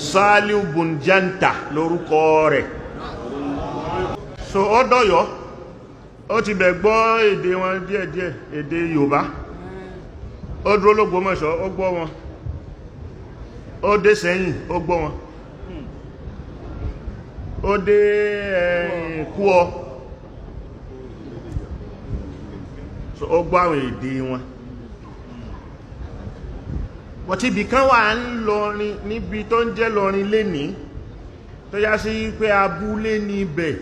Saliu Bunjanta lórúkọ rẹ. so ó dọ̀yọ́ ó ti bẹ̀ gbọ́ èdè wọn díẹ̀díẹ̀ èdè Yorùbá ó dúró l'Ógbómọ̀ṣọ́ ó gbọ́ wọn ó dé Ṣẹ̀yìn ó wọn ó dé eh, Kúọ ó gbọ́ àwọn èdè wọn. bọ̀tí ibì kan wà ń lọrin níbi tó ń jẹ́ lọrin lénìí tó yá sí pé abúlé ní ibẹ̀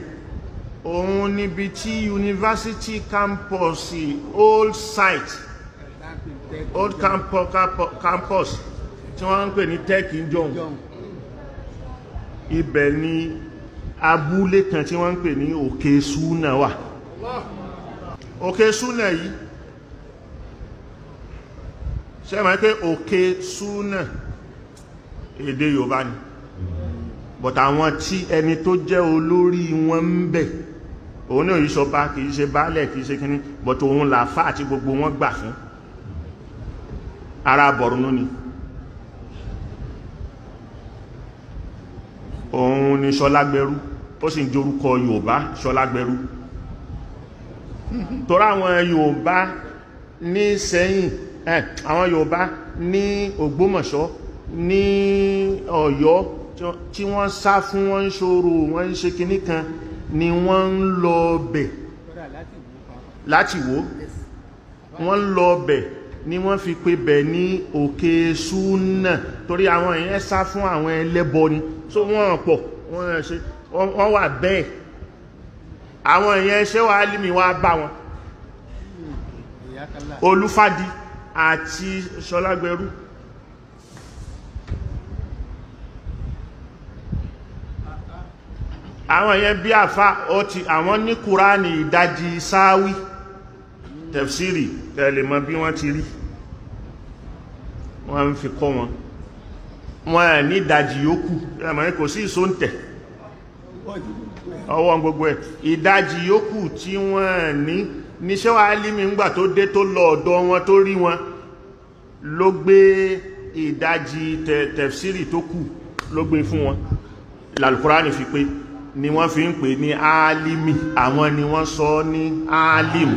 òun níbi tí university campus old site old campus campus tí wọ́n ń pè ní tech john ibẹ̀ ni abúlé kan tí wọ́n ń pè ní òkè súnà wà òkè súnà yìí ṣe mọ̀ pé òkè súnà èdè Yorùbá ni but àwọn tí ẹni tó jẹ́ olórí wọn ń bẹ̀ òun náà yìí sọba kìí ṣe baálẹ̀ kìí ṣe kíní but òun làáfà àti gbogbo wọn gbà fún ara Borno ni òun ni Ṣọlágbẹrú ó sì ń jorúkọ Yorùbá Ṣọlágbẹrú tọ́ra àwọn Yorùbá ní sẹ́yìn Eh, àwọn Yorùbá ní Ògbómọ̀ṣọ́ ní Ọ̀yọ́ tí wọ́n sá fún wọn ń ṣòro wọ́n ń ṣe kinní kan ni wọ́n ń lọ bẹ̀ láti wò wọ́n ń lọ bẹ̀ ni wọ́n fi pe bẹ̀ ní òkè súnà torí àwọn èèyàn sá fún àwọn ẹlẹ́bọ ni so wọ́n pọ̀ wọ́n wà bẹ́ẹ̀ àwọn èèyàn ṣẹ́wàá limi wá bá wọn olúfádìí àti ṣọlágbẹ̀rú àwọn èèyàn bí àfá ó ti àwọn ní kùránì ìdajì sáwí tẹ̀fsìrì tẹ̀lẹ̀ mọ́ bí wọ́n ti rí wọ́n ń fi kọ́ wọn wọ́n ní ìdajì yókù ẹ̀mọ̀ kò sí ìsóǹtẹ̀ ọwọ́ gbogbo ẹ̀ ìdajì yòókù tí wọ́n ní níṣẹ́ wàá lími ńgbà tó dé tó lọ ọ̀dọ̀ wọn tó rí wọn ló gbé ìdajì tẹ̀fsírì tó kù ló gbé fún wọn lálùkùránì fi pé ni wọ́n fi ń pè ní álímì àwọn ni wọ́n sọ ní álímù